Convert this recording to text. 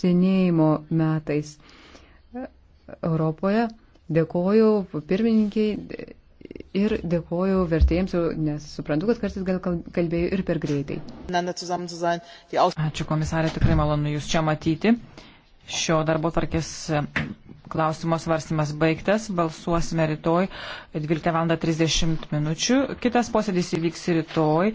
senėjimo metais Europoje. Dėkoju pirmininkiai ir dėkoju vertėjams, nes suprantu, kad kartais gal kalbėjau ir per greitai. Ačiū komisarė, tikrai malonu Jūs čia matyti. Šio darbo tvarkės eh, klausimo svarstymas baigtas. Balsuosime rytoj 12.30 min. Kitas posėdis įvyks rytoj